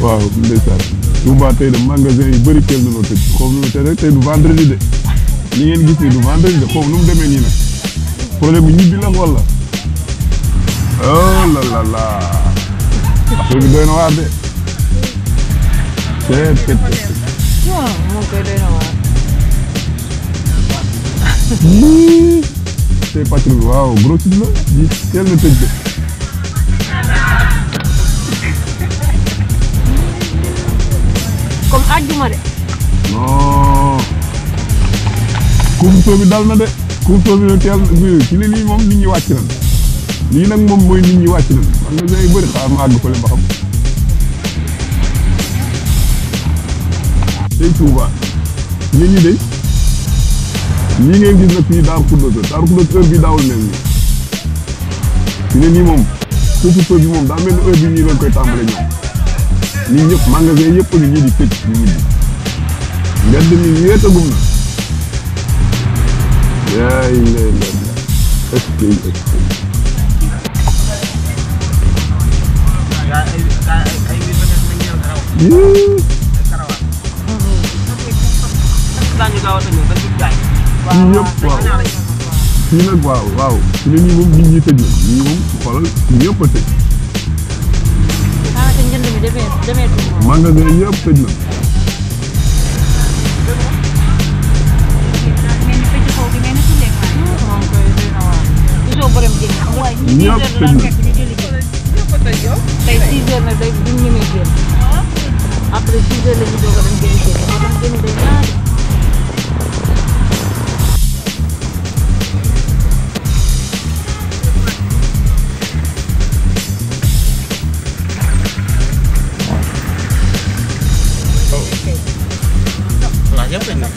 waaw ndeysaan Touba te de magasin yu bëri teel na loo tëj xaw ma tey li ngeen gis du vendredi de xaw nu mu demee nii nag problème bi ñibbi la wala oh doy na waar de. tey tey waaw moom kay doy na waar. tey àjjuma de. non. couvre bi dal na de. couvre bi nag teel bi moom nit ñi wàcc nañ. lii nag moom mooy nit ñi wàcc nañ. man de day bëri xaar ma àgg fële ba xam. tey Touba nit ñi de lii ngeen gis nag fii Darou Khoudoss bi daawul mel nii. fi ne nii moom couvre-feu bi moom daa mel ni heure bi nii lañ koy tàmbalee ñoom. lii ñëpp magasin yëpp ngi ñii di tëj ñu mujj mbedd mi wéetagum na yaay lay la est ce que est ce que ñëpp waaw fii nag waaw waaw fi ne nii moom nit ñi tëj na ñii moom xoolal ñëpp a tëj magasin yëpp tëj na. ñëpp tëj na. tey 6 heures nag day duñ ñemee génn après 6 heures la ñu doog a dem génn génn เป็น yëpp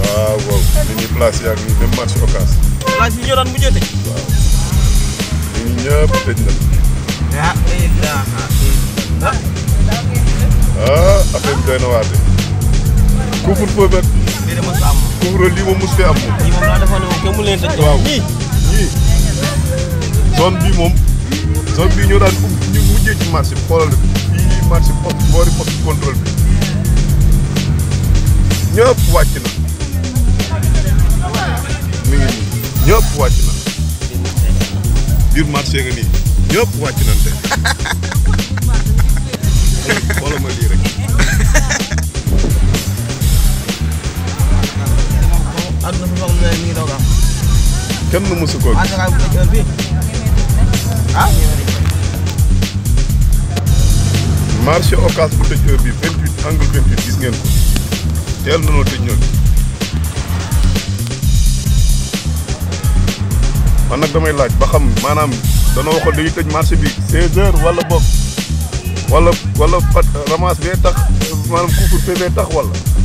waaw waaw li ñuy place yi ak même marché Ocass. place yi ñu doon mujjee tëj. waaw ñun ñëpp tëj na. ah ah affaire na waate. couvre feu bi ak. lii dama sa am. couvre lii moom mos fee am moom. lii moom laa defoon moom kenn mu leen tëj. waaw ñii ñii. zone bi moom zone bi ñoo daan fii ci marché bi xoolal na fi fii marché poste boori poste contrôle bi ñëpp wàcc na mi ngi nii ñëpp wàcc na biir marché nga nii ñëpp wàcc nañ te xoolal ma lii rek. kenn mësu ko. ah. marché Ocass bu tëj heure bi 28 angle 28 gis ngeen ko teel na noo tëj ñoom man nag damay laaj ba xam maanaam danoo waxoon dañuy tëj marché bi 16 heures wala boog wala wala pat ramas bee tax maanaam couvre-feu bee tax wala.